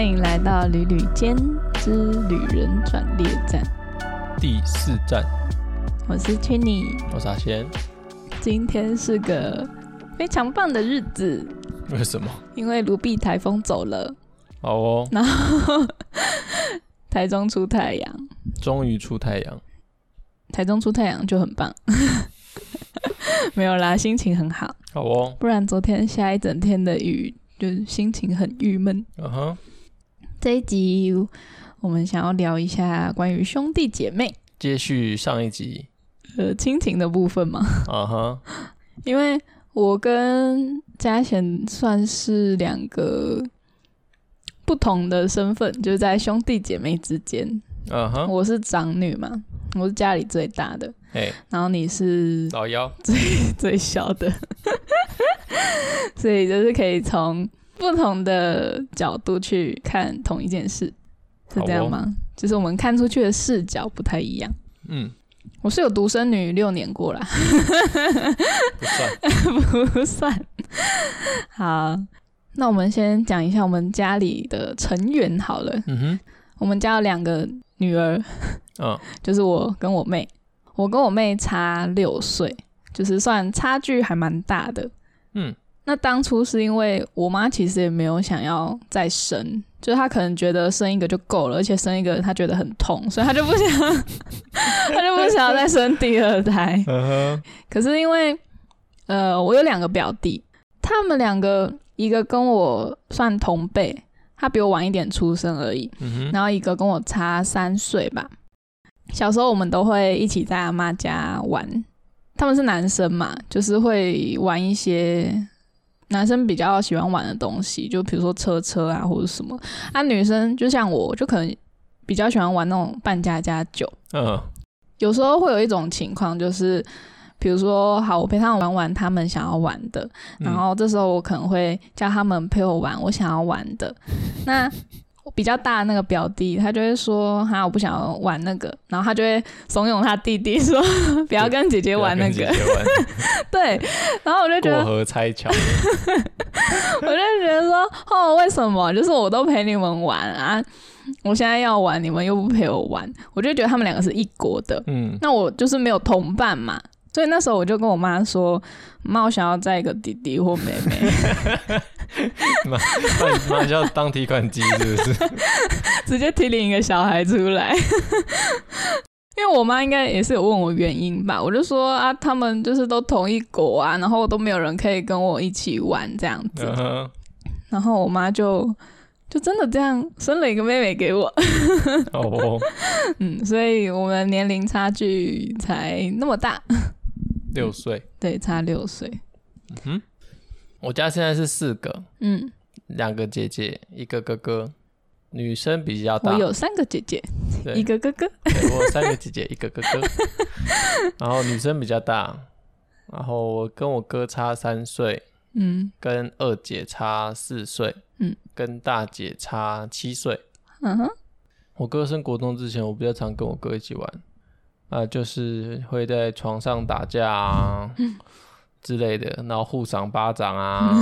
歡迎來到《旅旅間之旅人轉捩站》第四站。我是 Chinny，我是阿賢。今天是個非常棒的日子。為什麼？因為盧碧颱風走了。好哦。然後 台中出太陽。終於出太陽。台中出太陽就很棒。 沒有啦，心情很好。好哦。不然昨天下一整天的雨，就心情很鬱悶。嗯哼。這一集我們想要聊一下關於兄弟姐妹。接續上一集，呃，親情的部分嘛。啊哈，因為我跟嘉賢算是兩個不同的身份，就是、在兄弟姐妹之間。啊、uh、哈 -huh. 我是長女嘛，我是家裡最大的。Hey. 然後你是老幺，最最小的。 所以就是可以從。不同的角度去看同一件事，是這樣嗎、哦？就是我們看出去的視角不太一樣。嗯，我是有獨生女六年過啦， 不算， 不算。 好，那我們先講一下我們家裡的成員好了。嗯哼，我們家有兩個女兒，哦、 就是我跟我妹，我跟我妹差六歲，就是算差距還蠻大的。嗯。那當初是因為我媽其實也沒有想要再生，就是她可能覺得生一個就夠了，而且生一個她覺得很痛，所以她就不想， 她就不想要再生第二胎。Uh -huh. 可是因為呃，我有兩個表弟，他們兩個一個跟我算同輩，他比我晚一點出生而已，uh -huh. 然後一個跟我差三歲吧。小時候我們都會一起在阿媽家玩，他們是男生嘛，就是會玩一些，男生比較喜歡玩的東西，就比如說車車啊，或者什麼。那、啊、女生就像我，就可能比較喜歡玩那種扮家家酒。嗯、Uh-huh.，有時候會有一種情況，就是比如說，好，我陪他們玩玩他們想要玩的、嗯，然後這時候我可能會叫他們陪我玩我想要玩的。那 比較大的那個表弟，他就會說：“哈，我不想玩那個。”然後他就會慫恿他弟弟說：“ 不要跟姐姐玩那個。對”不要跟姐姐玩那個、 對，然後我就覺得過河拆橋， 我就覺得說：“哦，為什麼？就是我都陪你們玩啊，我現在要玩，你們又不陪我玩，我就覺得他們兩個是一國的。”嗯，那我就是沒有同伴嘛。所以那時候我就跟我媽說：“媽，我想要再一個弟弟或妹妹。 媽”媽，媽，就要當提款機是不是？ 直接提領一個小孩出來。 因為我媽應該也是有問我原因吧？我就說啊，他們就是都同一國啊，然後都沒有人可以跟我一起玩這樣子。Uh -huh. 然後我媽就就真的這樣生了一個妹妹給我。哦、 oh.，嗯，所以我們年齡差距才那麼大。六歲。嗯，對，差六歲。嗯哼，我家現在是四個，嗯，兩個姐姐，一個哥哥，女生比較大。我有三個姐姐，對，一個哥哥。對，我有三個姐姐， 一個哥哥，然後女生比較大，然後我跟我哥差三歲，嗯，跟二姐差四歲，嗯，跟大姐差七歲。嗯哼，我哥升國中之前，我比較常跟我哥一起玩。啊、呃，就是會在床上打架啊 之類的，然後互賞巴掌啊，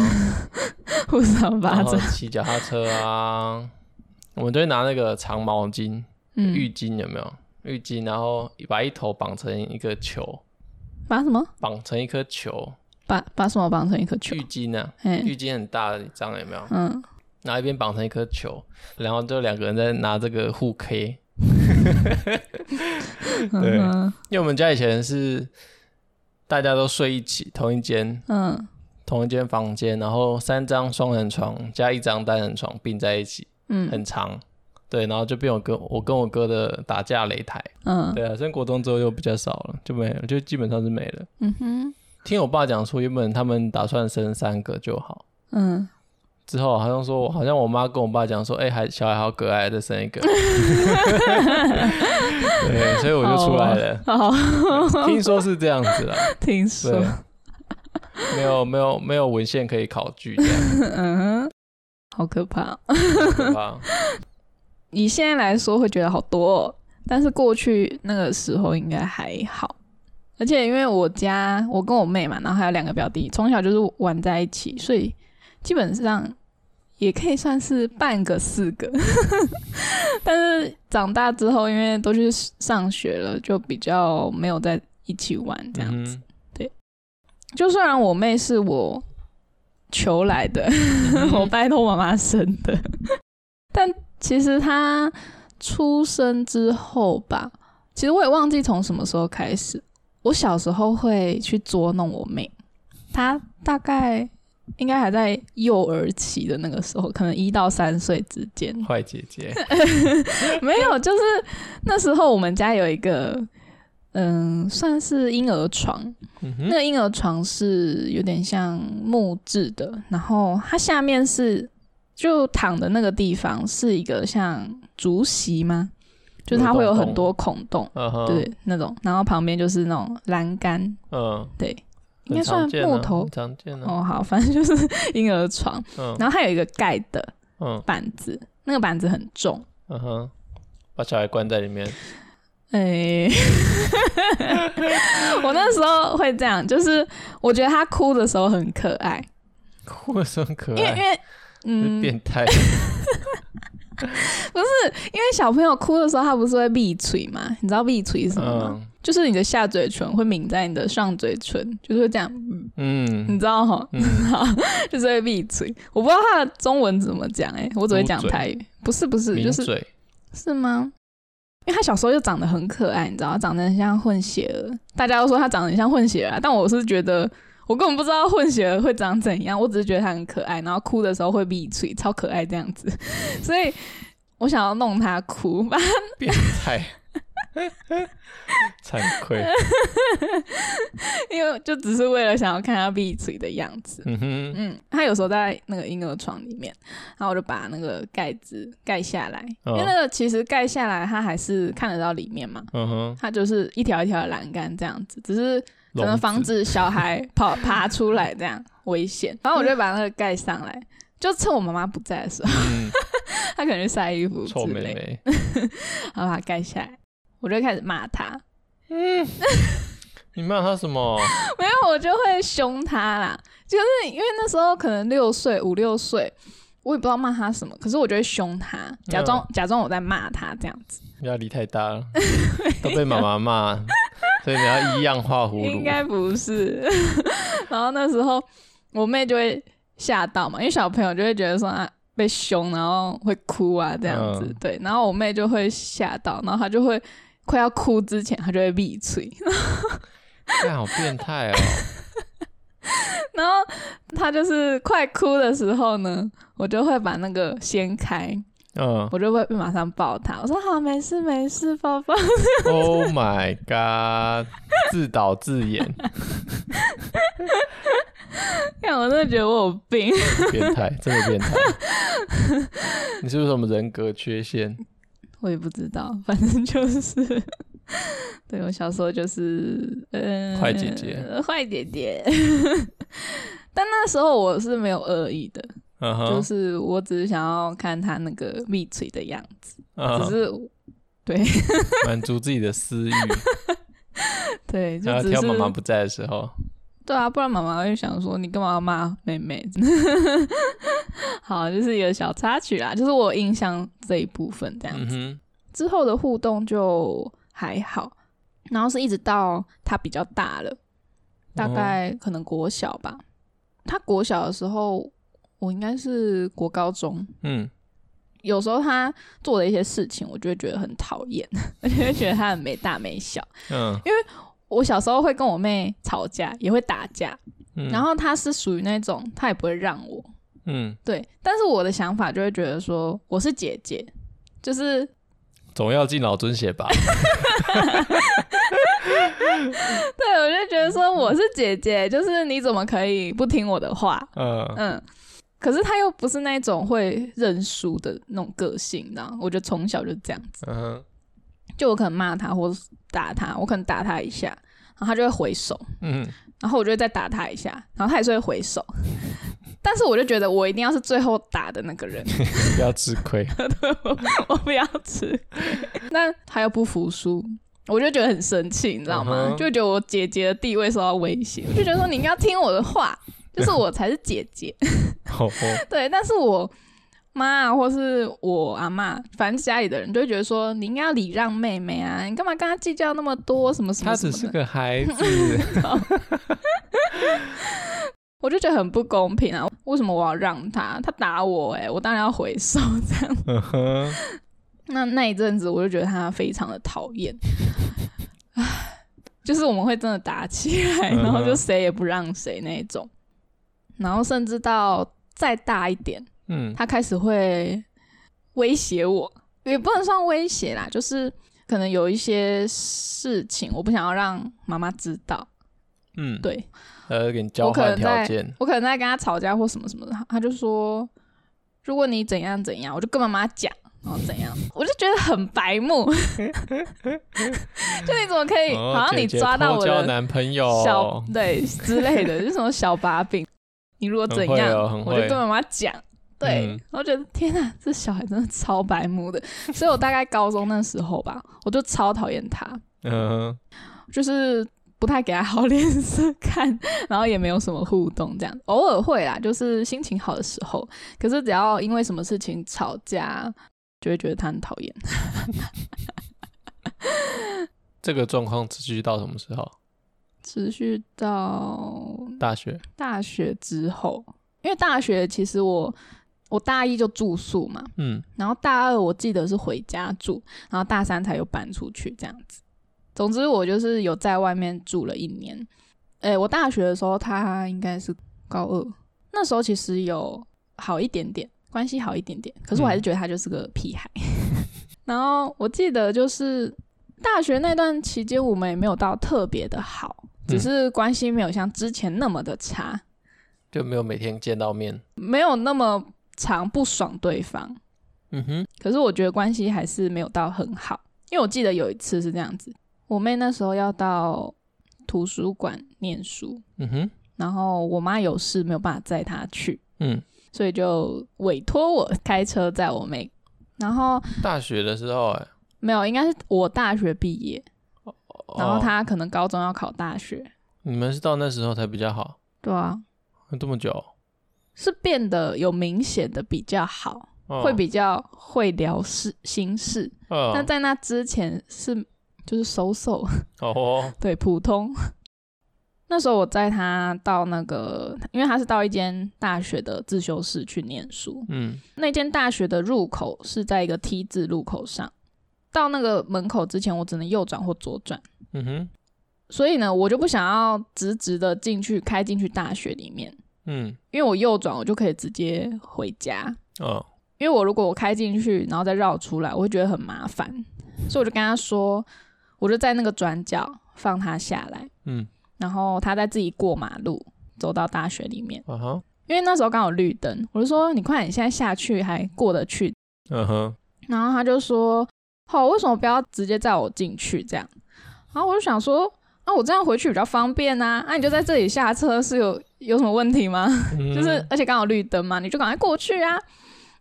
互賞巴掌，然後騎腳踏車啊， 我們就會拿那個長毛巾，浴巾有沒有？浴巾，然後把一頭綁成一個球，把什麼？綁成一顆球，把把什麼綁成一顆球？浴巾啊，欸、浴巾很大的一張有沒有？嗯，然後一邊綁成一顆球，然後就兩個人在拿這個互 K。 對，uh -huh. 因為我們家以前是大家都睡一起，同一間，嗯、uh -huh.，同一間房間，然後三張雙人床加一張單人床併在一起，嗯、uh -huh.，很長，對，然後就變我哥我跟我哥的打架擂台，嗯、uh -huh.，對啊，升國中之後就比較少了，就沒了，就基本上是沒了。嗯哼，聽我爸講說，原本他們打算生三個就好，嗯、uh -huh.。之後好像說，好像我媽跟我爸講說：“哎、欸，小孩好可愛，再生一個。 ” 對，所以我就出來了。哦哦、 聽說是這樣子啦，聽說。沒有沒有沒有文獻可以考據。 嗯哼，好可怕。 可怕。以現在來說會覺得好多、哦，但是過去那個時候應該還好。而且因為我家我跟我妹嘛，然後還有兩個表弟，從小就是玩在一起，所以。基本上也可以算是半個四個， 但是長大之後，因為都去上學了，就比較沒有在一起玩這樣子。對，就雖然我妹是我求來的， 我拜託我媽生的， 但其實她出生之後吧，其實我也忘記從什麼時候開始，我小時候會去捉弄我妹，她大概。應該還在幼兒期的那個時候，可能一到三歲之間。壞姐姐， 沒有，就是那時候我們家有一個，嗯、呃，算是嬰兒床，嗯、那個嬰兒床是有點像木質的，然後它下面是就躺的那個地方是一個像竹席嗎？就是、它會有很多孔洞、嗯，對，那種，然後旁邊就是那種欄杆，嗯，對。應該算木頭、啊啊，哦。好，反正就是嬰兒床、嗯，然後還有一個蓋的板子、嗯，那個板子很重。嗯哼，把小孩關在裡面。哎、欸， 我那時候會這樣，就是我覺得他哭的時候很可愛。哭的時候很可愛？因為因為嗯，變態。 不是，因為小朋友哭的時候，他不是會閉嘴嗎？你知道閉嘴是什麼嗎？嗯就是你的下嘴唇會抿在你的上嘴唇，就是會這樣，嗯，你知道哈，嗯、 就是會閉嘴。我不知道他的中文怎麼講，哎，我只會講台語。不是不是，就是，是嗎？因為他小時候就長得很可愛，你知道，長得很像混血兒，大家都說他長得很像混血兒、啊。但我是覺得，我根本不知道混血兒會長怎樣，我只是覺得他很可愛，然後哭的時候會閉嘴，超可愛這樣子。所以我想要弄他哭，吧。 變態。慚 慚愧， 因為就只是為了想要看他閉嘴的樣子。嗯哼，嗯，他有時候在那個嬰兒床裡面，然後我就把那個蓋子蓋下來、哦，因為那個其實蓋下來，他還是看得到裡面嘛。嗯哼，他就是一條一條的欄杆這樣子，只是只能防止小孩跑 爬出來這樣危險。然後我就把那個蓋上來、嗯，就趁我媽媽不在的時候，嗯、 他可能去曬衣服之類臭美，美 然後把它蓋下來。我就開始罵他，嗯、欸， 你罵他什麼？ 沒有，我就會凶他啦，就是因為那時候可能六歲五六歲，我也不知道罵他什麼，可是我就會凶他，假裝、嗯、假裝我在罵他這樣子，壓力太大了， 都被媽媽罵，所以你要一樣畫葫蘆， 應該不是。 然後那時候我妹就會嚇到嘛，因為小朋友就會覺得說啊被凶，然後會哭啊這樣子，嗯、對，然後我妹就會嚇到，然後她就會。快要哭之前，他就會閉嘴。這樣好變態哦！然後、喔、 然後他就是快哭的時候呢，我就會把那個掀開。嗯，我就會馬上抱他。我說好，沒事沒事，抱抱。Oh my god！ 自導自演。看， 我真的覺得我有病。 變態，這麼變態！ 你是不是有什麼人格缺陷？我也不知道，反正就是，對我小時候就是，嗯、呃，壞姐姐，壞姐姐。但那時候我是沒有惡意的、嗯，就是我只是想要看她那個蜜嘴的樣子，嗯、只是對滿足自己的私欲。 對，就只是要挑媽媽不在的時候。對啊，不然媽媽會想說你幹嘛要罵妹妹？ 好，就是一個小插曲啦、啊，就是我印象這一部分這樣子、嗯。之後的互動就還好，然後是一直到他比較大了，哦、大概可能國小吧。他國小的時候，我應該是國高中。嗯，有時候他做的一些事情，我就會覺得很討厭，而 且會覺得他很沒大沒小。嗯，因為。我小時候會跟我妹吵架，也會打架，嗯、然後她是屬於那種她也不會讓我，嗯，對。但是我的想法就會覺得說我是姐姐，就是總要敬老尊賢吧 。 對，我就覺得說我是姐姐，就是你怎麼可以不聽我的話？嗯嗯。可是她又不是那種會認輸的那種個性呢，我就從小就這樣子。嗯就我可能罵他或者打他，我可能打他一下，然後他就會回手，嗯，然後我就會再打他一下，然後他也是會回手， 但是我就覺得我一定要是最後打的那個人，不要吃虧， 我不要吃， 但他又不服輸，我就覺得很生氣，你知道嗎？Uh -huh. 就覺得我姐姐的地位受到威脅，就覺得說你應該聽我的話，就是我才是姐姐， 對，但是我。媽，或是我阿媽，反正家裡的人都會覺得說，你應該要禮讓妹妹啊，你幹嘛跟她計較那麼多？什麼什麼，什麼的？她只是個孩子， 好 我就覺得很不公平啊！為什麼我要讓她？她打我、欸，哎，我當然要還手。這樣。Uh -huh. 那那一陣子，我就覺得她非常的討厭， 就是我們會真的打起來，然後就誰也不讓誰那一種，uh -huh. 然後甚至到再大一點。嗯，他開始會威脅我，也不能算威脅啦，就是可能有一些事情我不想要讓媽媽知道。嗯，對，他就給你交換條件。我可能在，我可能在跟他吵架或什麼什麼的，他就說，如果你怎樣怎樣，我就跟媽媽講，然後怎樣， 我就覺得很白目， 就你怎麼可以、哦，好像你抓到我的小姐姐男朋友，對，之類的， 就什麼小把柄，你如果怎樣，哦、我就跟媽媽講。對，我、嗯、覺得天啊，這小孩真的超白目的，所以我大概高中那時候吧，我就超討厭他，嗯，就是不太給他好臉色看，然後也沒有什麼互動，這樣偶爾會啦，就是心情好的時候，可是只要因為什麼事情吵架，就會覺得他很討厭。 這個狀況持續到什麼時候？持續到大學，大學之後，因為大學其實我。我大一就住宿嘛，嗯，然後大二我記得是回家住，然後大三才又搬出去這樣子。總之我就是有在外面住了一年。誒、欸，我大學的時候他應該是高二，那時候其實有好一點點，關係好一點點，可是我還是覺得他就是個屁孩。嗯、 然後我記得就是大學那段期間，我們也沒有到特別的好，嗯，只是關係沒有像之前那麼的差，就沒有每天見到面，沒有那麼。常不爽對方，嗯哼。可是我覺得關係還是沒有到很好，因為我記得有一次是這樣子：我妹那時候要到圖書館念書，嗯哼。然後我媽有事沒有辦法載她去，嗯。所以就委托我開車載我妹。然後大學的時候、欸，哎，沒有，應該是我大學畢業、哦，然後她可能高中要考大學。你們是到那時候才比較好？對啊，啊這麼久。是變得有明顯的比較好，oh. 會比較會聊事心事。Oh. 但在那之前是就是 so so，哦，對，普通。 那時候我載他到那個，因為他是到一間大學的自修室去念書。嗯，那間大學的入口是在一個 T 字路口上，到那個門口之前，我只能右轉或左轉。嗯哼，所以呢，我就不想要直直的進去開進去大學裡面。嗯，因為我右轉，我就可以直接回家。哦、oh.，因為我如果我開進去，然後再繞出來，我會覺得很麻煩，所以我就跟他說，我就在那個轉角放他下來。嗯，然後他再自己過馬路，走到大學裡面。Uh-huh. 因為那時候剛好綠燈，我就說你快，你現在下去還過得去。嗯哼，然後他就說，好，為什麼不要直接載我進去這樣？然後我就想說，啊，我這樣回去比較方便啊，啊，你就在這裡下車是有。有什麼問題嗎？嗯、就是而且剛好綠燈嘛，你就趕快過去啊。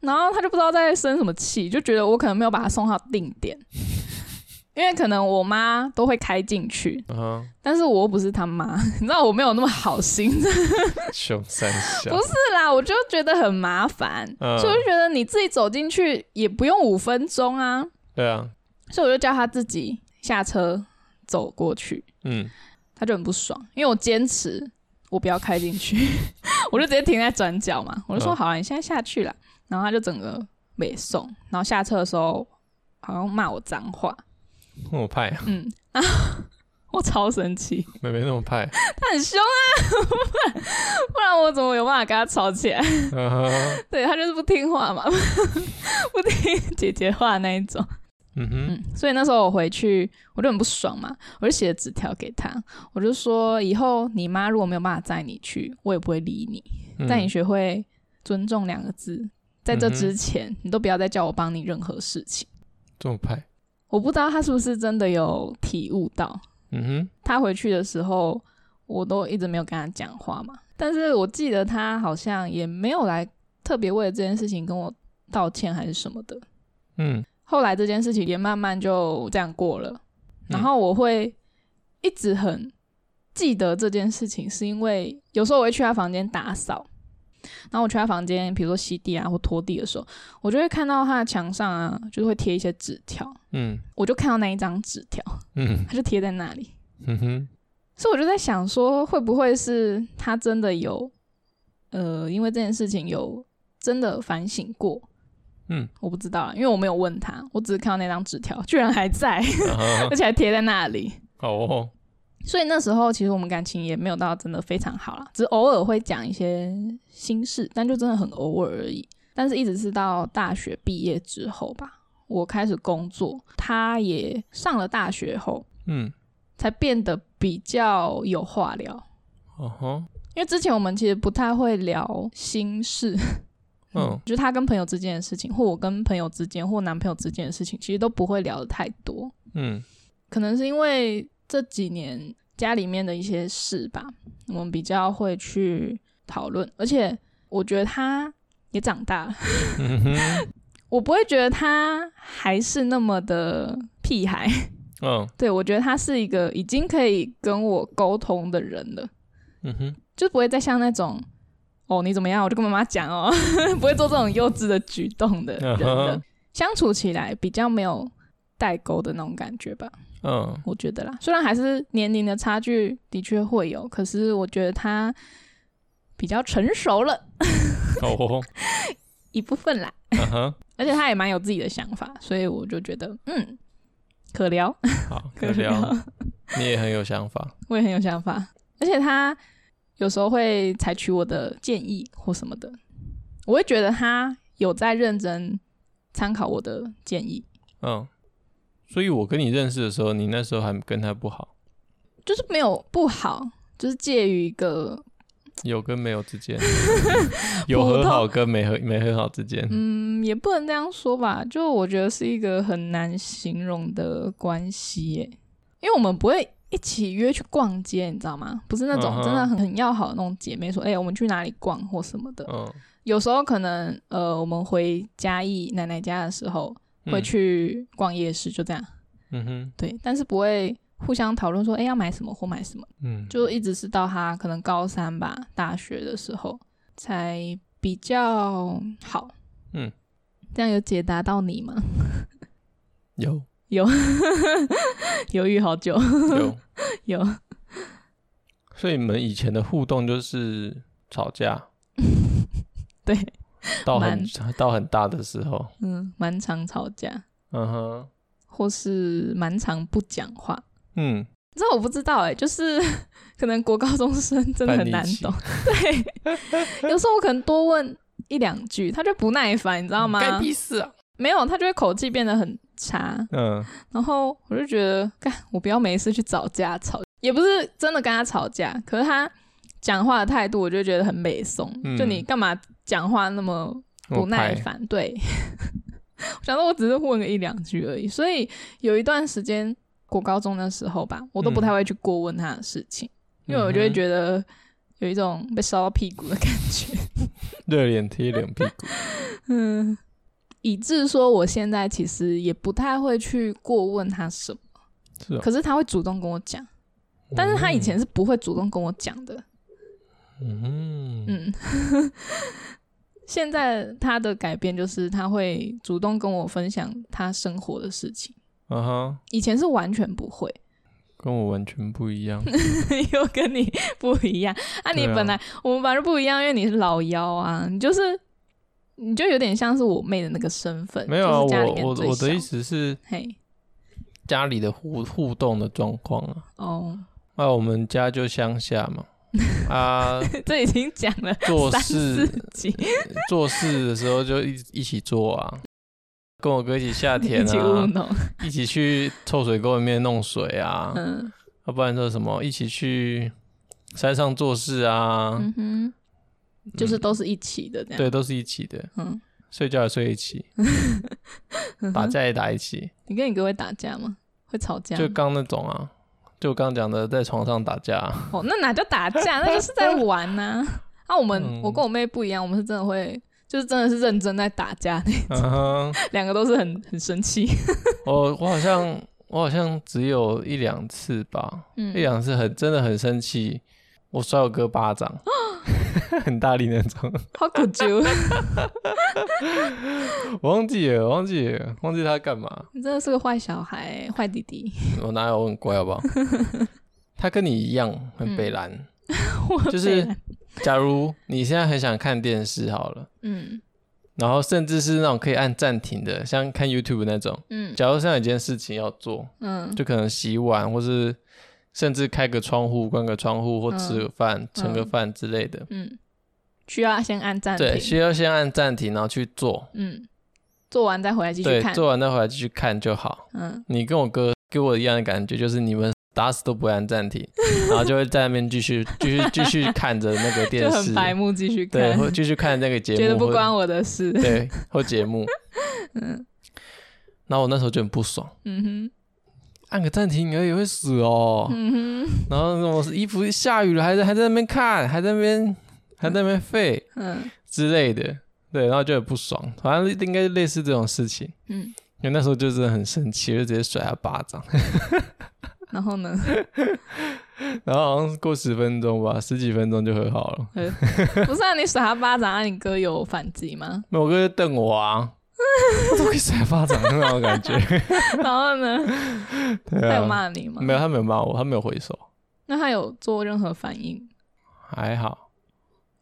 然後他就不知道在生什麼氣，就覺得我可能沒有把他送到定點， 因為可能我媽都會開進去、嗯，但是我又不是他媽，你知道我沒有那麼好心的 熊三小。不是啦，我就覺得很麻煩、嗯，所以我就覺得你自己走進去也不用五分鐘啊。對啊，所以我就叫他自己下車走過去。嗯，他就很不爽，因為我堅持。我不要開進去， 我就直接停在轉角嘛。我就說、哦、好了、啊，你現在下去了。然後他就整個沒送。然後下車的時候，好像罵我髒話，那我怕呀、啊，嗯，然後我超生氣。妹妹那麼怕， 他很凶兇啊 不然。不然我怎麼有辦法跟他吵起來？ 對他就是不聽話嘛， 不聽姐姐話那一種。嗯哼，所以那時候我回去，我就很不爽嘛，我就寫了紙條給他，我就說以後你媽如果沒有辦法載你去，我也不會理你。嗯、在你學會尊重兩個字，在這之前，嗯、你都不要再叫我幫你任何事情。這麼派？我不知道他是不是真的有體悟到。嗯哼，他回去的時候，我都一直沒有跟他講話嘛。但是我記得他好像也沒有來特別為了這件事情跟我道歉還是什麼的。嗯。後來這件事情也慢慢就這樣過了，嗯、然後我會一直很記得這件事情，是因為有時候我會去他房間打掃，然後我去他房間，比如說吸地啊或拖地的時候，我就會看到他的牆上啊，就會貼一些紙條，嗯，我就看到那一張紙條，嗯，他就貼在那裡，嗯哼，所以我就在想說，會不會是他真的有，呃，因為這件事情有真的反省過。嗯，我不知道，因為我沒有問他，我只是看到那張紙條居然還在，uh -huh. 而且還貼在那裡。哦、uh -huh.，所以那時候其實我們感情也沒有到真的非常好啦，只是偶爾會講一些心事，但就真的很偶爾而已。但是一直是到大學畢業之後吧，我開始工作，他也上了大學後，嗯、uh -huh.，才變得比較有話聊。哦、uh -huh.，因為之前我們其實不太會聊心事。嗯，oh. 就他跟朋友之間的事情，或我跟朋友之間，或男朋友之間的事情，其實都不會聊得太多。嗯，可能是因為這幾年家裡面的一些事吧，我們比較會去討論。而且我覺得他也長大了。Mm-hmm. 我不會覺得他還是那麼的屁孩。嗯，oh. 對，我覺得他是一個已經可以跟我溝通的人了。嗯哼，就不會再像那種。哦，你怎麼樣？我就跟媽媽講哦，不會做這種幼稚的舉動的人相處起來比較沒有代溝的那種感覺吧？嗯，我覺得啦，雖然還是年齡的差距的確會有，可是我覺得他比較成熟了，一部分啦。嗯，而且他也蠻有自己的想法，所以我就覺得嗯，可聊，好可聊，你也很有想法，我也很有想法，而且他。有時候會採取我的建議或什麼的，我會覺得他有在認真參考我的建議。嗯，所以，我跟你認識的時候，你那時候還跟他不好，就是沒有不好，就是介於一個有跟沒有之間， 有和好跟沒和沒和好之間。嗯，也不能這樣說吧，就我覺得是一個很難形容的關係，因為我們不會。一起約去逛街，你知道嗎？不是那種真的很很要好的那種姐妹 oh, oh. 說，哎、欸，我們去哪裡逛或什麼的。Oh. 有時候可能，呃，我們回家一奶奶家的時候，會去逛夜市、嗯，就這樣。嗯哼，對。但是不會互相討論說，哎、欸，要買什麼或買什麼。嗯，就一直是到她可能高三吧，大學的時候才比較好。嗯，這樣有解答到你嗎？有。 有，猶 豫好久。 有有，所以你們以前的互動就是吵架， 對，到很到很大的時候，嗯，蠻常吵架，嗯、uh、哼 -huh，或是蠻常不講話，嗯，這我不知道，哎、欸，就是可能國高中生真的很難懂， 對，有時候我可能多問一兩句，他就不耐煩，你知道嗎？該屁事啊！沒有，他就會口氣變得很差，嗯，然後我就覺得，幹，我不要沒事去找架吵架，吵也不是真的跟他吵架，可是他講話的態度，我就覺得很美頌、嗯。就你幹嘛講話那麼不耐煩？對， 我想說，我只是問個一兩句而已。所以有一段時間國高中那時候吧，我都不太會去過問他的事情、嗯，因為我就會覺得有一種被燒到屁股的感覺，熱臉貼冷屁股。 嗯。以致說，我現在其實也不太會去過問他什麼，是、喔。可是他會主動跟我講，但是他以前是不會主動跟我講的。嗯嗯， 現在他的改變就是他會主動跟我分享他生活的事情。嗯、uh、哼 -huh。以前是完全不會，跟我完全不一樣， 又跟你不一樣。啊，你本來我們本來不一樣，因為你是老麼啊，你就是。你就有點像是我妹的那個身份，沒有、啊就是、我我我的意思是，嘿，家裡的互、hey、互動的狀況啊，哦、oh. 啊，那我們家就鄉下嘛，啊， 這已經講了三四集，做事，做事的時候就一一起做啊，跟我哥一起下田啊 一起，一起去臭水溝裡面弄水啊，嗯，要、啊、不然就什麼一起去山上做事啊，嗯哼。就是都是一起的，嗯，對，都是一起的，嗯，睡覺也睡一起， 打架也打一起。你跟你哥會打架嗎？會吵架？就剛那種啊，就剛講的，在床上打架，啊。哦，那哪叫打架？那就是在玩呢，啊。 啊，我們、嗯、我跟我妹不一樣，我們是真的會，就是真的是認真在打架那，兩、嗯、 個都是很很生氣。 我我好像我好像只有一兩次吧，嗯、一兩次很真的很生氣，我甩我哥巴掌。 很大力那種，好古舊。我忘記了，忘記了，忘記他幹嘛？你真的是個壞小孩，壞弟弟。 我哪有很乖，好不好？他跟你一樣很北爛。嗯，就是假如你現在很想看電視，好了，嗯，然後甚至是那種可以按暫停的，像看 YouTube 那種，嗯，假如像有件事情要做，嗯，就可能洗碗或是。甚至開個窗戶、關個窗戶，或吃個飯、嗯、盛個飯之類的。嗯，需要先按暫停。對，需要先按暫停，然後去做。嗯，做完再回來繼續看。做完再回來繼續看就好。嗯，你跟我哥給我一樣的感覺，就是你們打死都不按暫停、嗯，然後就會在那邊繼續繼續繼續看着那個電視， 就很白目繼續看對，繼續看那個節目，覺得不關我的事。對，或節目。嗯，那我那時候就很不爽。嗯哼。按個暫停而已，你哥也會死哦。嗯哼。然後衣服下雨了，還在還在那邊看，還在那邊還在那邊廢，嗯，嗯之類的。對，然後就很不爽，反正應該類似這種事情。嗯。因為那時候就是很生氣，就直接甩他巴掌。 然後呢？ 然後好像過十分鐘吧，十幾分鐘就和好了。 欸、不是、啊，你甩他巴掌，啊，你哥有反擊嗎？沒有，我哥就瞪我啊。不會再發展那種感覺。然後呢？ 他有罵你嗎？沒有，他沒有罵我，他沒有回手。那他有做任何反應？還好，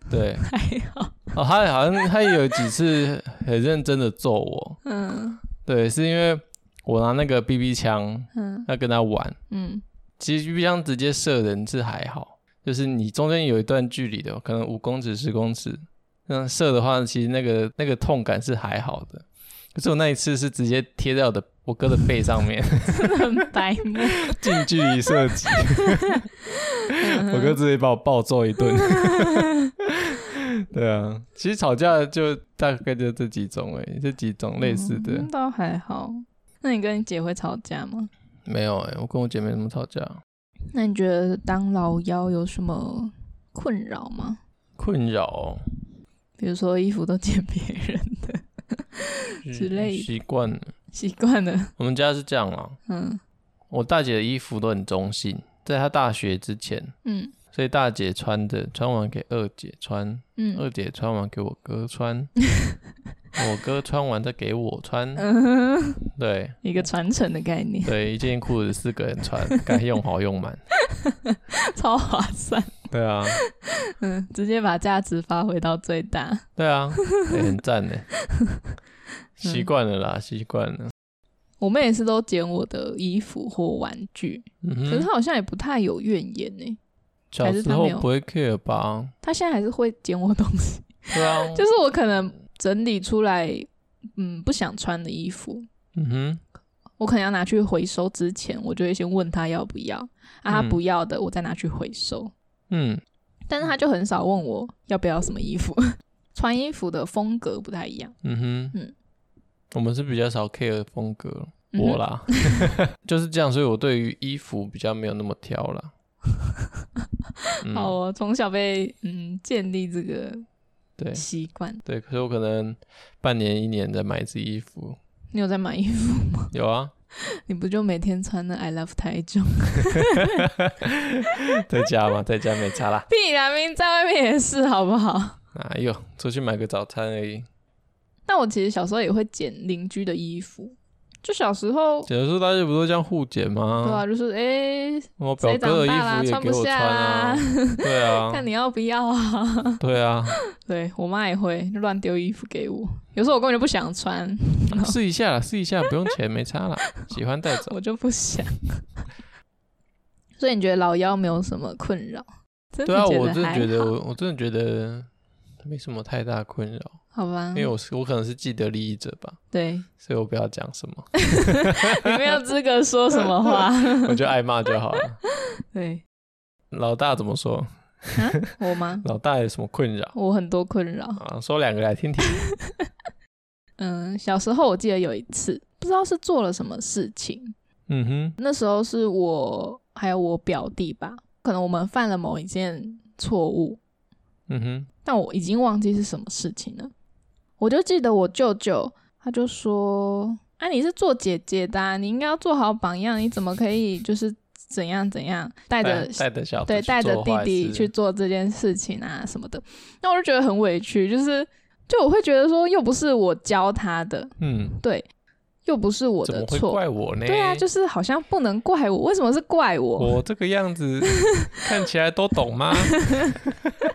對。 還好。哦，他好像他也有幾次很認真的揍我。嗯。對，是因為我拿那個 BB 槍，嗯，要跟他玩。嗯。其實 BB 槍直接射人是還好，就是你中間有一段距離的，可能五公尺、十公尺。嗯，射的話，其實那個那個痛感是還好的，可是我那一次是直接貼在我的我哥的背上面， 很白 近距離射擊、 嗯，我哥直接把我暴揍一頓。 對啊，其實吵架就大概就這幾種、欸，哎，這幾種類似的，嗯、倒還好。那你跟你姐會吵架嗎？沒有哎、欸，我跟我姐沒什麼吵架。那你覺得當老幺有什麼困擾嗎？困擾。比如說衣服都撿別人的之類的，嗯、習慣了，習慣了。我們家是這樣啊，嗯，我大姐的衣服都很中性，在她大學之前，嗯，所以大姐穿的穿完給二姐穿，嗯，二姐穿完給我哥穿，嗯、我哥穿完再給我穿， 對，一個傳承的概念，對，一件褲子四個人穿，該用好用滿， 超划算。對啊，嗯，直接把價值發揮到最大。對啊，欸、很讚呢。習 慣了啦，習、嗯、慣了。我妹也是都撿我的衣服或玩具，嗯，可是他好像也不太有怨言呢。小時候還是，他不會 care 吧？他現在還是會撿我東西，對啊， 就是我可能整理出來，嗯，不想穿的衣服，嗯哼，我可能要拿去回收之前，我就會先問他要不要，啊，他不要的，我再拿去回收。嗯，但是他就很少問我要不要什麼衣服， 穿衣服的風格不太一樣。嗯哼，嗯，我們是比較少 care 風格，嗯、我啦， 就是這樣，所以我對於衣服比較沒有那麼挑啦。 好我、啊、從小被嗯建立這個對習慣，對，可是我可能半年一年再買一次衣服。你有在買衣服嗎？有啊。.你不就每天穿的 I love 台中 在家嗎？在家沒差啦。屁啦，明明在外面也是好不好？哎呦，出去買個早餐而已。但我其實小時候也會撿鄰居的衣服。就小時候，小時候大家不是都這樣互撿嗎？對啊，就是哎、啊，我表哥的衣服也給我穿啊，對啊，啊 看你要不要啊，對啊， 對我媽也會亂丟衣服給我，有時候我根本就不想穿， 啊、試一下啦，試一下，不用錢， 沒差啦，喜歡帶走， 我就不想。 所以你覺得老麼沒有什麼困擾？對啊，我真的覺得，我真的覺得它沒什麼太大困擾。好吧，因為我是我可能是既得利益者吧，對，所以我不要講什麼， 你沒有資格說什麼話，我就挨罵就好了。 對，老大怎麼說？啊？我嗎？老大有什麼困擾？我很多困擾啊，說兩個來聽聽。 嗯，小時候我記得有一次，不知道是做了什麼事情。嗯哼，那時候是我還有我表弟吧，可能我們犯了某一件錯誤。嗯哼，但我已經忘記是什麼事情了。我就記得我舅舅，他就說：“啊，你是做姐姐的啊，你應該要做好榜樣，你怎麼可以就是怎樣怎樣帶着帶着小，對，帶着弟弟去做這件事情啊什麼的？”那我就覺得很委屈，就是就我會覺得說，又不是我教他的，嗯，對，又不是我的錯，怪我呢？對啊，就是好像不能怪我，為什麼是怪我？我這個樣子 看起來都懂嗎？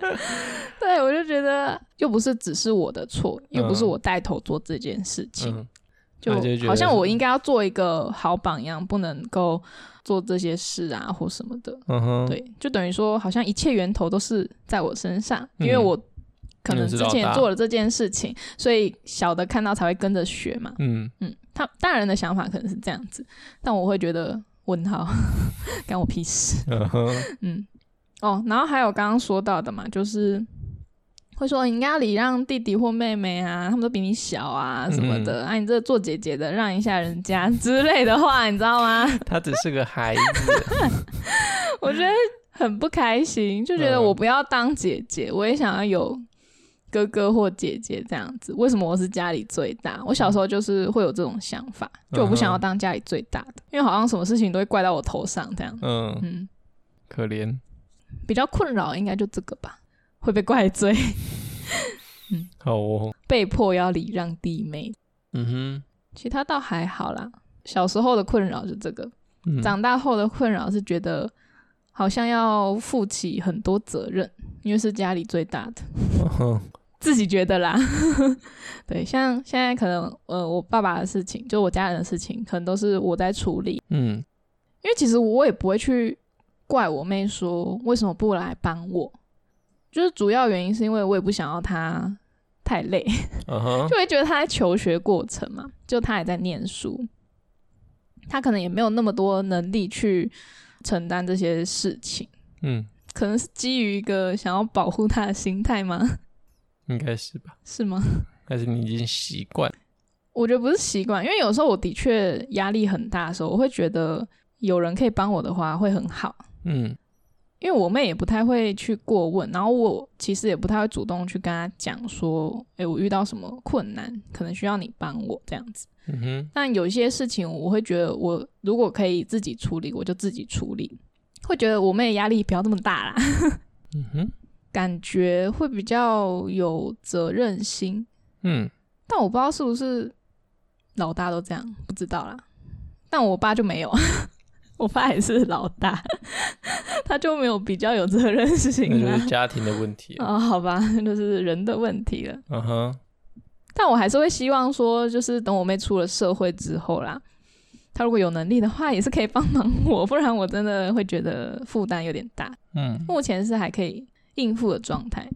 對，我就覺得又不是只是我的錯，又不是我帶頭做這件事情，uh -huh. 就好像我應該要做一個好榜樣，不能夠做這些事啊或什麼的。Uh -huh. 對，就等於說好像一切源頭都是在我身上，uh -huh. 因為我可能之前也做了這件事情，所以小的看到才會跟着學嘛。嗯、uh -huh. 嗯，他大人的想法可能是這樣子，但我會覺得問號 干我屁事。 嗯、uh -huh. 嗯。哦，然後還有剛剛說到的嘛，就是會說你應該禮讓弟弟或妹妹啊，他們都比你小啊什麼的，嗯、啊，你這做姐姐的讓一下人家之類的話，你知道嗎？他只是個孩子， 我覺得很不開心，就覺得我不要當姐姐、嗯，我也想要有哥哥或姐姐這樣子。為什麼我是家裡最大？我小時候就是會有這種想法，就我不想要當家裡最大的，嗯、因為好像什麼事情都會怪到我頭上這樣。嗯嗯，可憐。比較困擾應該就這個吧，會被怪罪。 嗯，好哦。被迫要禮讓弟妹。嗯哼，其他倒還好啦。小時候的困擾就這個。嗯，長大後的困擾是覺得好像要負起很多責任，因為是家裡最大的。 自己覺得啦。 對，像現在可能呃，我爸爸的事情，就我家人的事情，可能都是我在處理。嗯，因為其實我也不會去。怪我妹說，為什麼不來幫我，就是主要原因是因為我也不想要她太累 就會覺得她在求學過程嘛，就她也在念書，她可能也沒有那麼多能力去承擔這些事情，嗯，可能是基於一個想要保護他的心態嗎？應該是吧？是嗎？但 是你已經習慣？我覺得不是習慣，因為有時候我的確壓力很大的時候，我會覺得有人可以幫我的話會很好。嗯，因為我妹也不太會去過問，然後我其實也不太會主動去跟她講說，哎，我遇到什麼困難，可能需要你幫我這樣子。嗯哼，但有一些事情我會覺得，我如果可以自己處理，我就自己處理，會覺得我妹壓力不要那麼大啦。嗯哼，感覺會比較有責任心。嗯，但我不知道是不是老大都這樣，不知道啦。但我爸就沒有。我爸也是老大呵呵，他就沒有比較有責任心，那就是家庭的問題啊？哦，好吧，那就是人的問題了。嗯哼。但我還是會希望說，就是等我妹出了社會之後啦，她如果有能力的話，也是可以幫忙我。不然我真的會覺得負擔有點大。嗯，目前是還可以應付的狀態。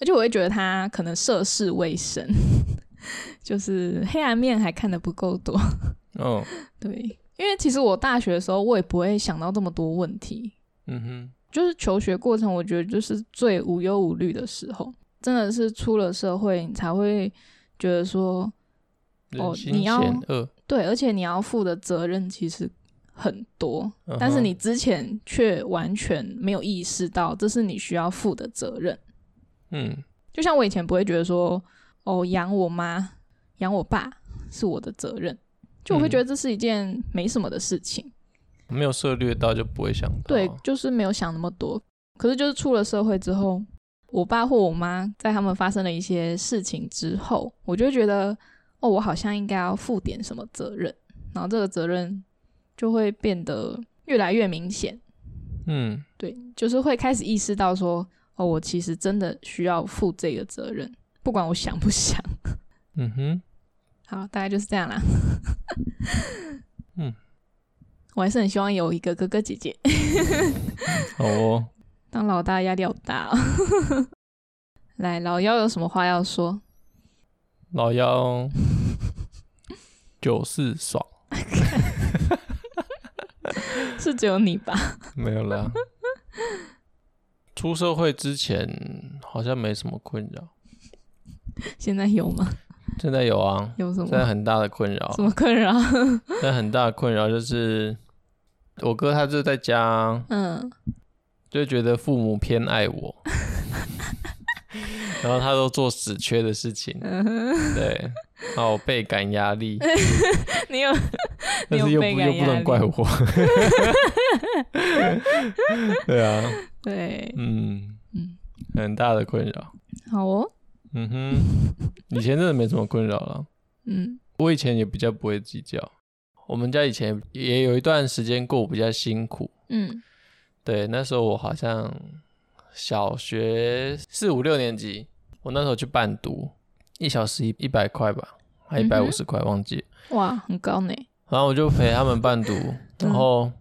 而且我會覺得她可能涉世未深。 就是黑暗面還看得不夠多。哦、oh.，對。因為其實我大學的時候，我也不會想到這麼多問題。嗯哼，就是求學過程，我覺得就是最無憂無慮的時候。真的是出了社會，你才會覺得說，哦，你要、呃、對，而且你要負的責任其實很多，uh-huh、但是你之前卻完全沒有意識到這是你需要負的責任。嗯，就像我以前不會覺得說，哦，養我媽、養我爸是我的責任。就我會覺得這是一件沒什麼的事情，嗯、沒有涉獵到就不會想到，對，就是沒有想那麼多。可是就是出了社會之後，我爸或我媽在他們發生了一些事情之後，我就會覺得哦，我好像應該要負點什麼責任，然後這個責任就會變得越來越明顯。嗯，對，就是會開始意識到說哦，我其實真的需要負這個責任，不管我想不想。嗯哼。好，大概就是這樣啦。 嗯，我還是很希望有一個哥哥姐姐。 哦，當老大壓力好大哦。 來，老幺有什麼話要說？老幺，就是爽， 是只有你吧？ 沒有啦。出社會之前好像沒什麼困擾，現在有嗎？現在有啊？有什麼？現在很大的困擾。什麼困擾？真 的很大的困擾就是，我哥他就在家，嗯，就覺得父母偏愛我， 然後他都做死缺的事情，嗯、對，然後我倍感， 感壓力。你又，但是又又不能怪我。 對啊。對。嗯嗯，很大的困擾。好哦。嗯哼，以前真的沒什麼困擾了。 嗯，我以前也比較不會計較。我們家以前也有一段時間過比較辛苦。嗯，對，那時候我好像小學四五六年級，我那時候去伴讀，一小時一一百塊吧，嗯、還一百五十塊，忘記。哇，很高呢。然後我就陪他們伴讀、 嗯，然後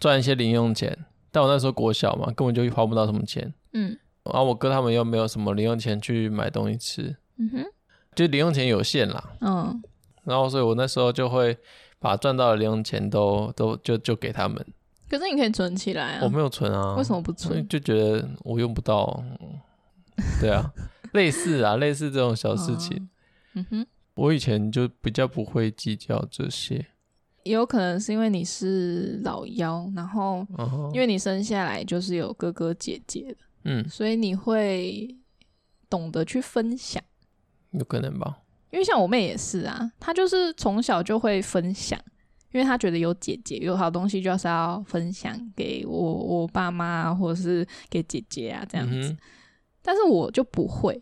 賺一些零用錢。但我那時候國小嘛，根本就花不到什麼錢。嗯。然、啊、後我哥他們又沒有什麼零用錢去買東西吃，嗯哼，就零用錢有限啦。嗯，然後所以我那時候就會把賺到的零用錢都都就就給他們。可是你可以存起來啊，我沒有存啊，為什麼不存？就覺得我用不到，對啊， 類似啊，類似這種小事情，嗯哼，我以前就比較不會計較這些。也有可能是因為你是老幺，然後因為你生下來就是有哥哥姐姐的。嗯，所以你會懂得去分享，有可能吧？因為像我妹也是啊，她就是從小就會分享，因為她覺得有姐姐，有好東西就要是要分享給我、我爸媽，或者是給姐姐啊這樣子，嗯。但是我就不會，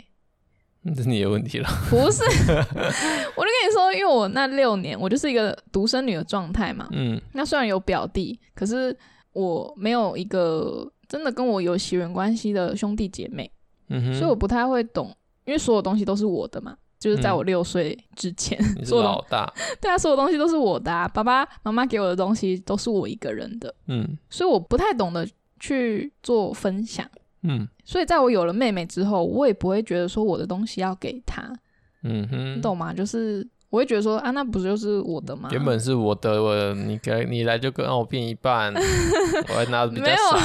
那你有問題了？不是， 我就跟你說，因為我那六年我就是一個獨生女的狀態嘛。嗯，那雖然有表弟，可是我沒有一個。真的跟我有血緣關係的兄弟姐妹、嗯哼，所以我不太會懂，因為所有東西都是我的嘛，就是在我六歲之前，嗯、做的。你是老大， 對啊，所有東西都是我的。啊，爸爸媽媽給我的東西都是我一個人的，嗯，所以我不太懂得去做分享，嗯，所以在我有了妹妹之後，我也不會覺得說我的東西要給她。嗯哼，你懂嗎？就是。我會覺得說啊，那不就是我的嗎？原本是我的，我的你可你來就跟我變一半， 我還拿得比較少。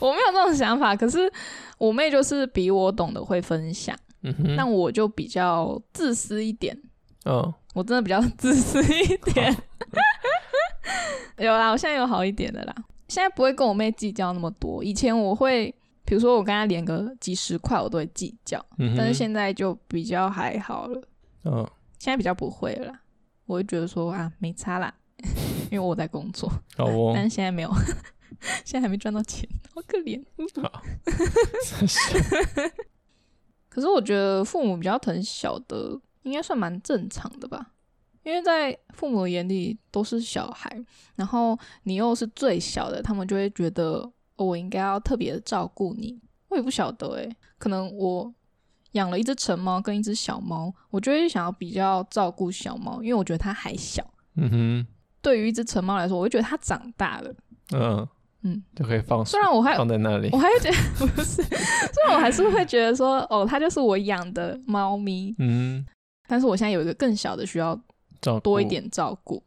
我沒有這種想法，可是我妹就是比我懂得會分享，嗯、但我就比較自私一點，嗯，我真的比較自私一點。 有啦，我現在有好一點的啦，現在不會跟我妹計較那麼多。以前我會，比如說我跟她連個幾十塊，我都會計較、嗯，但是現在就比較還好了，嗯。現在比較不會了啦，我就覺得說啊，沒差啦，因為我在工作， 但是現在沒有，現在還沒賺到錢，好可憐。啊、 可是我覺得父母比較疼小的，應該算蠻正常的吧？因為在父母的眼裡都是小孩，然後你又是最小的，他們就會覺得、哦、我應該要特別的照顧你。我也不曉得哎、欸，可能我。養了一隻成貓跟一隻小貓，我就會想要比較照顧小貓，因為我覺得它還小。嗯哼，對於一隻成貓來說，我就覺得它長大了。嗯嗯，就可以放雖然我還放在那裡，我還是覺得不是。 雖然我還是會覺得說，哦，它就是我養的貓咪。嗯，但是我現在有一個更小的需要多一點照顧。照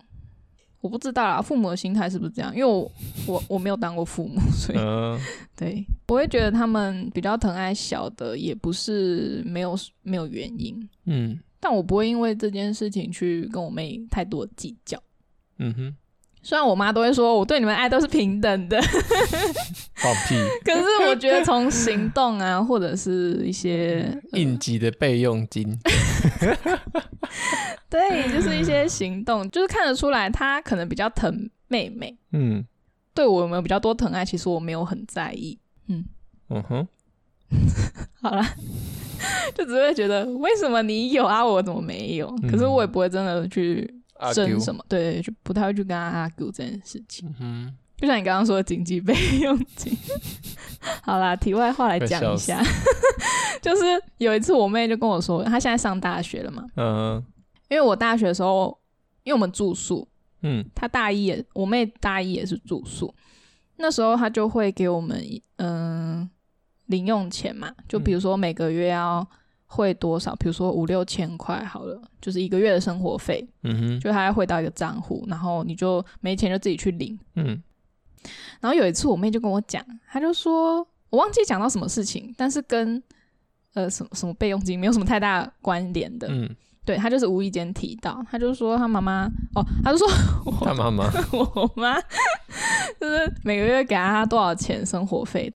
我不知道啦，父母的心態是不是這樣？因為我我我沒有當過父母，所以、呃、對，我會覺得他們比較疼愛小的，也不是沒有沒有原因。嗯，但我不會因為這件事情去跟我妹太多計較。嗯哼，雖然我媽都會說，我對你們愛都是平等的，放 屁。可是我覺得從行動啊， 或者是一些應急的備用金。 對，就是一些行動， 就是看得出來他可能比較疼妹妹。嗯，對我有沒有比較多疼愛，其實我沒有很在意。嗯嗯哼， 好啦，就只會覺得為什麼你有啊，我怎麼沒有、嗯？可是我也不會真的去爭什麼，argue、對，對，對，就不太會去跟他 argue 這件事情。嗯，就像你剛剛說的，緊急備用金。 好啦，題外話來講一下， 就是有一次我妹就跟我說，她現在上大學了嘛。嗯、呃。因為我大學的時候，因為我們住宿，嗯，他大一也，我妹大一也是住宿，那時候他就會給我們，嗯、呃，零用錢嘛，就比如說每個月要匯多少、嗯，比如說五六千塊好了，就是一個月的生活費，嗯哼，就他要匯到一個賬戶，然後你就沒錢就自己去領，嗯，然後有一次我妹就跟我講，他就說我忘記講到什麼事情，但是跟呃什麼什麼備用金沒有什麼太大關聯的，嗯。對，他就是無意間提到，他就說他媽媽哦，他就說他媽媽， 我媽就是每個月給他多少錢生活費，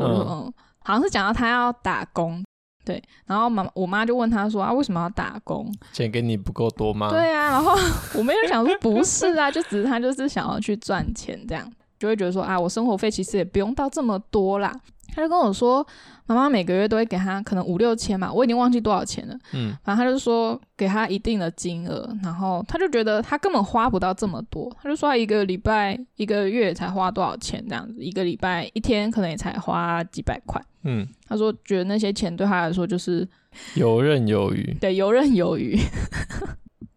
嗯嗯，好像是講到他要打工，對，然後我媽我媽就問他說，啊為什麼要打工？錢給你不夠多嗎？對啊，然後我們就想說不是啊， 就只是他就是想要去賺錢這樣，就會覺得說啊我生活費其實也不用到這麼多啦。他就跟我說，媽媽每個月都會給他可能五六千吧，我已經忘記多少錢了。嗯，然後他就說給他一定的金額，然後他就覺得他根本花不到這麼多，他就說他一個禮拜、一個月才花多少錢這樣子，一個禮拜一天可能也才花幾百塊。嗯，他說覺得那些錢對他來說就是游刃有餘，對，游刃有餘。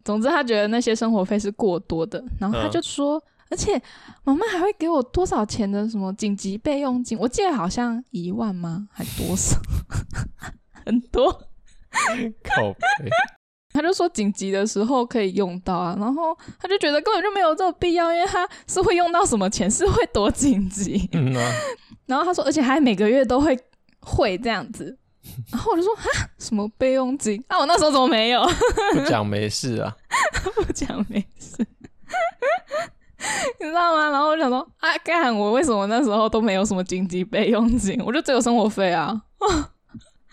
總之，他覺得那些生活費是過多的，然後他就說。嗯而且媽媽還會給我多少錢的什麼緊急備用金？我記得好像一萬嗎？還多少？ 很多。 Okay. 他就說緊急的時候可以用到啊，然後他就覺得根本就沒有這種必要，因為他是會用到什麼錢是會多緊急。嗯啊。然後他說，而且還每個月都會會這樣子，然後我就說，哈，什麼備用金啊？我那時候怎麼沒有？ 不講沒事啊， 不講沒事。 你知道嗎？然後我想說，啊，幹我為什麼那時候都沒有什麼經濟備用金？我就只有生活費啊。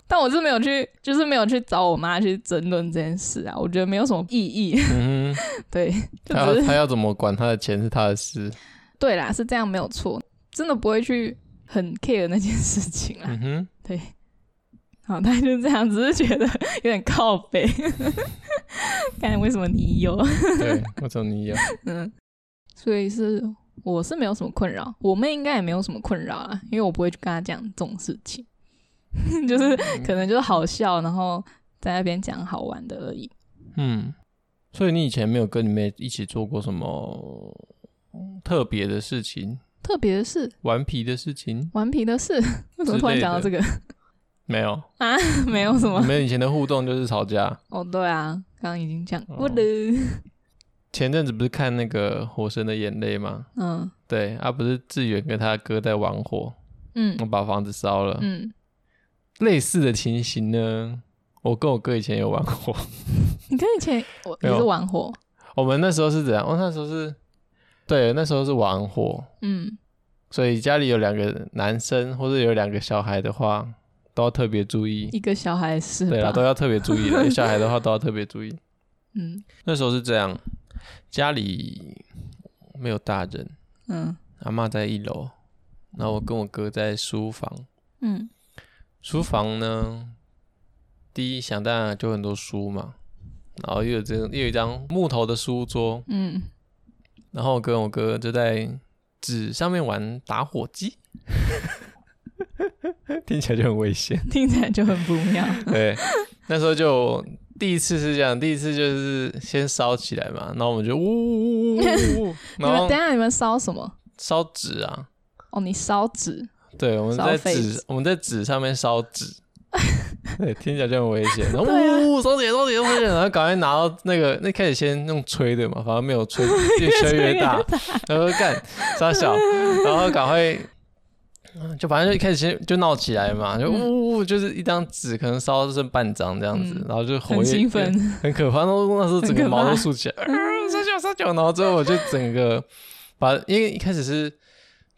但我是沒有去，就是沒有去找我媽去爭論這件事啊。我覺得沒有什麼意義。嗯， 對就是他。他要怎麼管他的錢是他的事。對啦，是這樣沒有錯，真的不會去很 care 那件事情啊。嗯對。好，他就這樣，只是覺得有點靠北。幹， 為什麼你有？ 對我怎你有？ 嗯。所以是，我是沒有什麼困擾，我妹應該也沒有什麼困擾啊，因為我不會去跟她講這種事情， 就是可能就是好笑，然後在那邊講好玩的而已。嗯，所以你以前沒有跟你妹一起做過什麼特別的事情？特別的事？頑皮的事情？頑皮的事？ 為什麼突然講到這個？這個沒有 啊，沒有什麼，沒有以前的互動就是吵架。哦，對啊，剛剛已經講過了。哦 前陣子不是看那個《火神的眼淚》嗎？嗯，對，啊，不是志遠跟他哥在玩火，嗯，我把房子燒了。嗯，類似的情形呢，我跟我哥以前有玩火。 你跟以前也是玩火？我們那時候是怎樣？我、哦、那時候是，對，那時候是玩火。嗯，所以家裡有兩個男生或者有兩個小孩的話，都要特別注意。一個小孩是，對啊，都要特別注意。 一小孩的話都要特別注意。嗯，那時候是這樣。家裡沒有大人，嗯，阿嬤在一樓，然後我跟我哥在書房，嗯，書房呢，第一想當然就很多書嘛，然後又有這個又有一張木頭的書桌，嗯，然後我跟我哥就在紙上面玩打火機， 聽起來就很危險，聽起來就很不妙， 對，那時候就。第一次是這樣，第一次就是先燒起來嘛，然後我們就嗚嗚嗚嗚嗚，嗚，你們等下你們燒什麼？燒紙啊！哦，你燒紙？對，我們在紙我們在紙上面燒紙，對，聽起來就很危險。然後嗚，燒紙燒紙危險，然後趕快拿到那個那開始先用吹的嘛，反而沒有吹，越吹越大，然後幹燒小，然後趕快。就反正就一開始先就鬧起來嘛，就嗚嗚、嗯，就是一張紙可能燒到剩半張這樣子，嗯、然後就火很興奮，很可怕。然後那時候整個毛都豎起來，燒焦燒焦，然後之後我就整個把，因為一開始是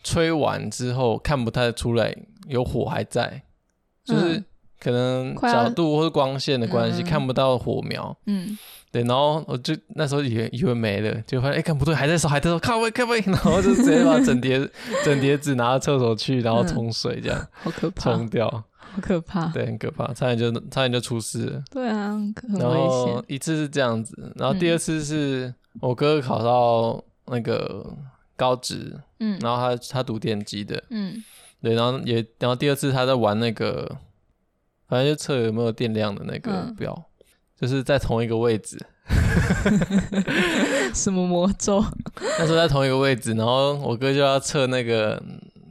吹完之後看不太出來有火還在，就是。嗯可能角度或者光線的關係、啊嗯、看不到火苗，嗯，對，然後我就那時候以為以為沒了，就發現哎、欸，看不對，還在燒，還在燒，快看，快！然後就直接把整疊 整疊紙拿到廁所去，然後沖水這樣，嗯、好可怕，沖掉好，好可怕，對，很可怕，差點就差點就出事了。對啊，很可怕，然後一次是這樣子，然後第二次是我哥哥考到那個高職，嗯，然後他他讀電機的，嗯，對，然後也然後第二次他在玩那個。反正就測有沒有電量的那個表，嗯、就是在同一個位置。 什麼魔咒？那時候在同一個位置，然後我哥就要測那個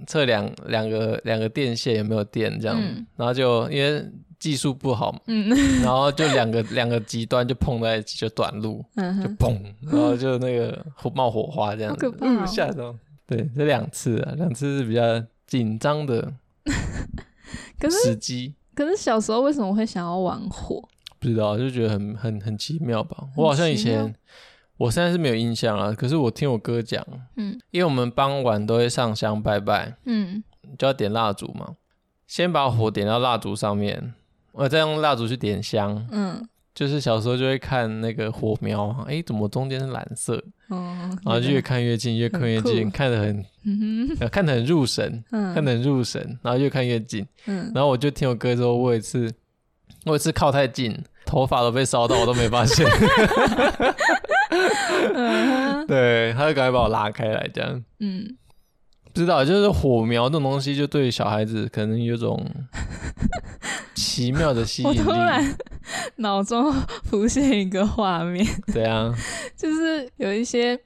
測兩兩個兩個電線有沒有電，這樣，嗯、然後就因為技術不好、嗯、然後就兩個兩 個極端就碰在一起就短路，嗯、就嘣，然後就那個火冒火花這樣子，嚇到、哦嗯。對，這兩次、啊，兩次是比較緊張的時機。可是小時候為什麼會想要玩火？不知道，就覺得很很很奇妙吧。我好像以前，我現在是沒有印象啊。可是我聽我哥講，嗯，因為我們傍晚都會上香拜拜，嗯，就要點蠟燭嘛，先把火點到蠟燭上面，我再用蠟燭去點香，嗯。就是小時候就會看那個火苗，哎、欸，怎麼中間是藍色？Oh, okay. 然後就越看越近，越看越近，看得很，mm -hmm. 呃、看得很入神，嗯、看得很入神，然後越看越近，嗯、然後我就聽我哥說，我有一次，我有一次靠太近，頭髮都被燒到， 我都沒發現， uh. 對，他就趕快把我拉開來，這樣，嗯。知道，就是火苗這種東西，就對小孩子可能有種奇妙的吸引。我突然腦中浮現一個畫面，對啊，就是有一些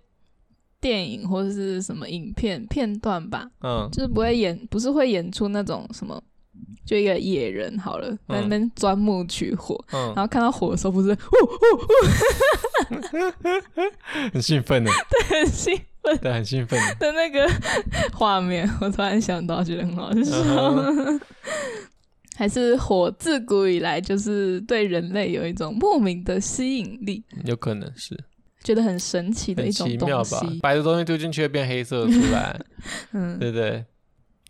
電影或者是什麼影片片段吧，嗯，就是不會演，不是會演出那種什麼，就一個野人好了，在那邊鑽木取火、嗯，然後看到火的時候，不是呼呼呼， 很興奮奮呢， 對，很興。但很興奮的， 的那個畫面，我突然想到，覺得很好笑，就是說，還是火自古以來就是對人類有一種莫名的吸引力，有可能是覺得很神奇的一種奇妙吧。白色東西丟進去會變黑色出來， 嗯，對，對對，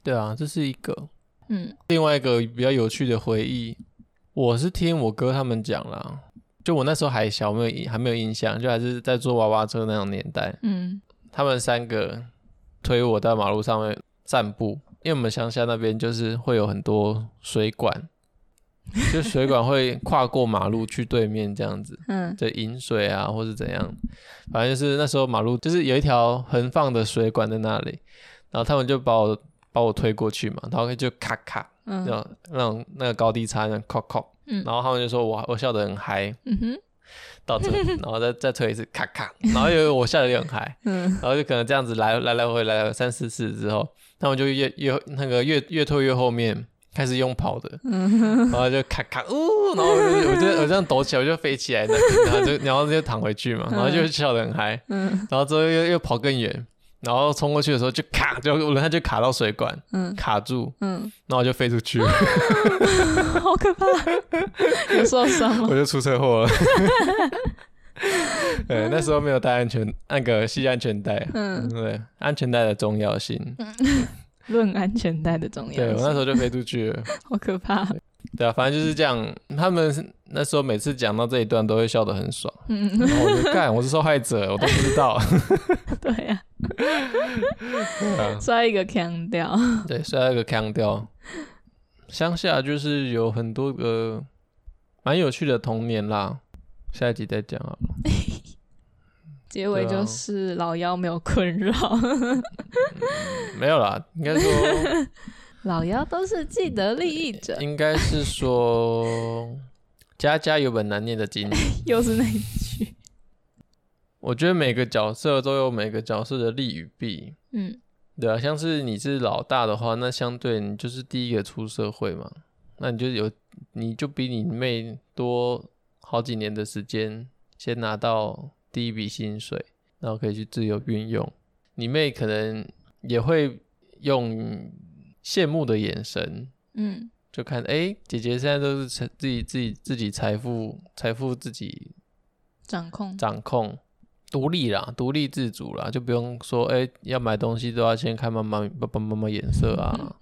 對啊，這是一個，嗯，另外一個比較有趣的回憶，我是聽我哥他們講啦，就我那時候還小，我沒有還沒有印象，就還是在坐娃娃車的那種年代，嗯。他們三個推我到馬路上面散步，因為我們鄉下那邊就是會有很多水管， 就水管會跨過馬路去對面這樣子，嗯，就飲水啊，或是怎樣，反正就是那時候馬路就是有一條橫放的水管在那裡，然後他們就把我把我推過去嘛，然後就咔咔，嗯，那種那種那個高低差，那咔咔，嗯，然後他們就說我我笑得很嗨，嗯哼。 到這裡，然後再再推一次，咔咔，然後因為我笑的也很嗨、 嗯，然後就可能這樣子來來來回來了三四次之後，那我就越越那個越越推越後面開始用跑的，嗯、呵呵然後就咔咔嗚，然後我就，我，就我這樣抖起來我就飛起來，然後就 然後就然後躺回去嘛，然後就笑的很嗨、嗯嗯，然後之後又又跑更遠。然後衝過去的時候，就卡，就輪胎就卡到水管、嗯，卡住，嗯，然後我就飛出去了、啊，好可怕，有 受傷，我就出車禍了， 對，那時候沒有戴安全，那個繫安全帶，嗯，對，安全帶的重要性，論、嗯、 安全帶的， 的重要性，對，我那時候就飛出去了， 好可怕對，對啊，反正就是這樣，嗯、他們那時候每次講到這一段，都會笑得很爽，嗯，嗯，我幹， 我是受害者，我都不知道， 對呀、啊。刷、 嗯啊、一個腔調，對，刷一個腔調。鄉下就是有很多個蠻有趣的童年啦，下一集再講好了。 結尾就是老麼沒有困擾、 嗯，沒有啦，應該說 老麼都是既得利益者，應該是說 家家有本難念的經， 又是那一句。我覺得每個角色都有每個角色的利與弊，嗯，對啊，像是你是老大的話，那相對你就是第一個出社會嘛，那你就有，你就比你妹多好幾年的時間，先拿到第一筆薪水，然後可以去自由運用。你妹可能也會用羨慕的眼神，嗯，就看，哎、欸，姐姐現在都是自己自己自己財富財富自己掌控掌控。掌控。獨立啦，獨立自主啦，就不用說，哎、欸，要買東西都要先看媽媽爸爸媽媽臉色啊、嗯。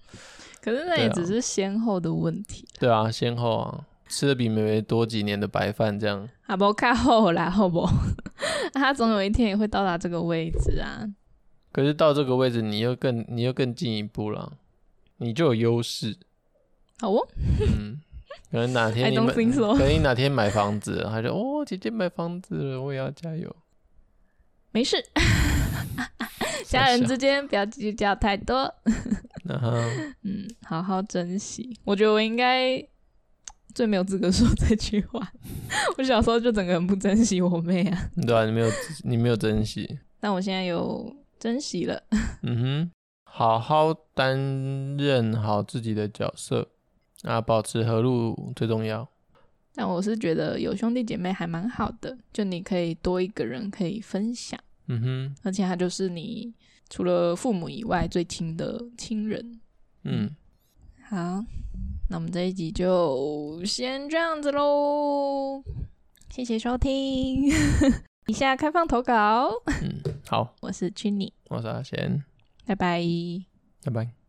可是那也、啊、只是先後的問題、啊。對啊，先後啊，吃的比妹妹多幾年的白飯這樣。阿、啊、伯看後啦，好不好？ 他總有一天也會到達這個位置啊。可是到這個位置你，你又更你又更進一步了，你就有優勢。好哦。嗯。可能哪天你們， so. 可能你哪天買房子，他就哦，姐姐買房子了，我也要加油。沒事， 家人之間不要計較太多。 嗯，好好珍惜。我覺得我應該最沒有資格說這句話。我小時候就整個人不珍惜我妹啊。對啊，你沒有，你沒有珍惜。但我現在有珍惜了。嗯哼，好好擔任好自己的角色啊，保持和睦最重要。但我是覺得有兄弟姐妹還蠻好的，就你可以多一個人可以分享，嗯哼，而且他就是你除了父母以外最親的親人，嗯，好，那我們這一集就先這樣子嘍，謝謝收聽， 以下開放投稿，嗯，好，我是 Chinny，我是阿賢，拜拜，拜拜。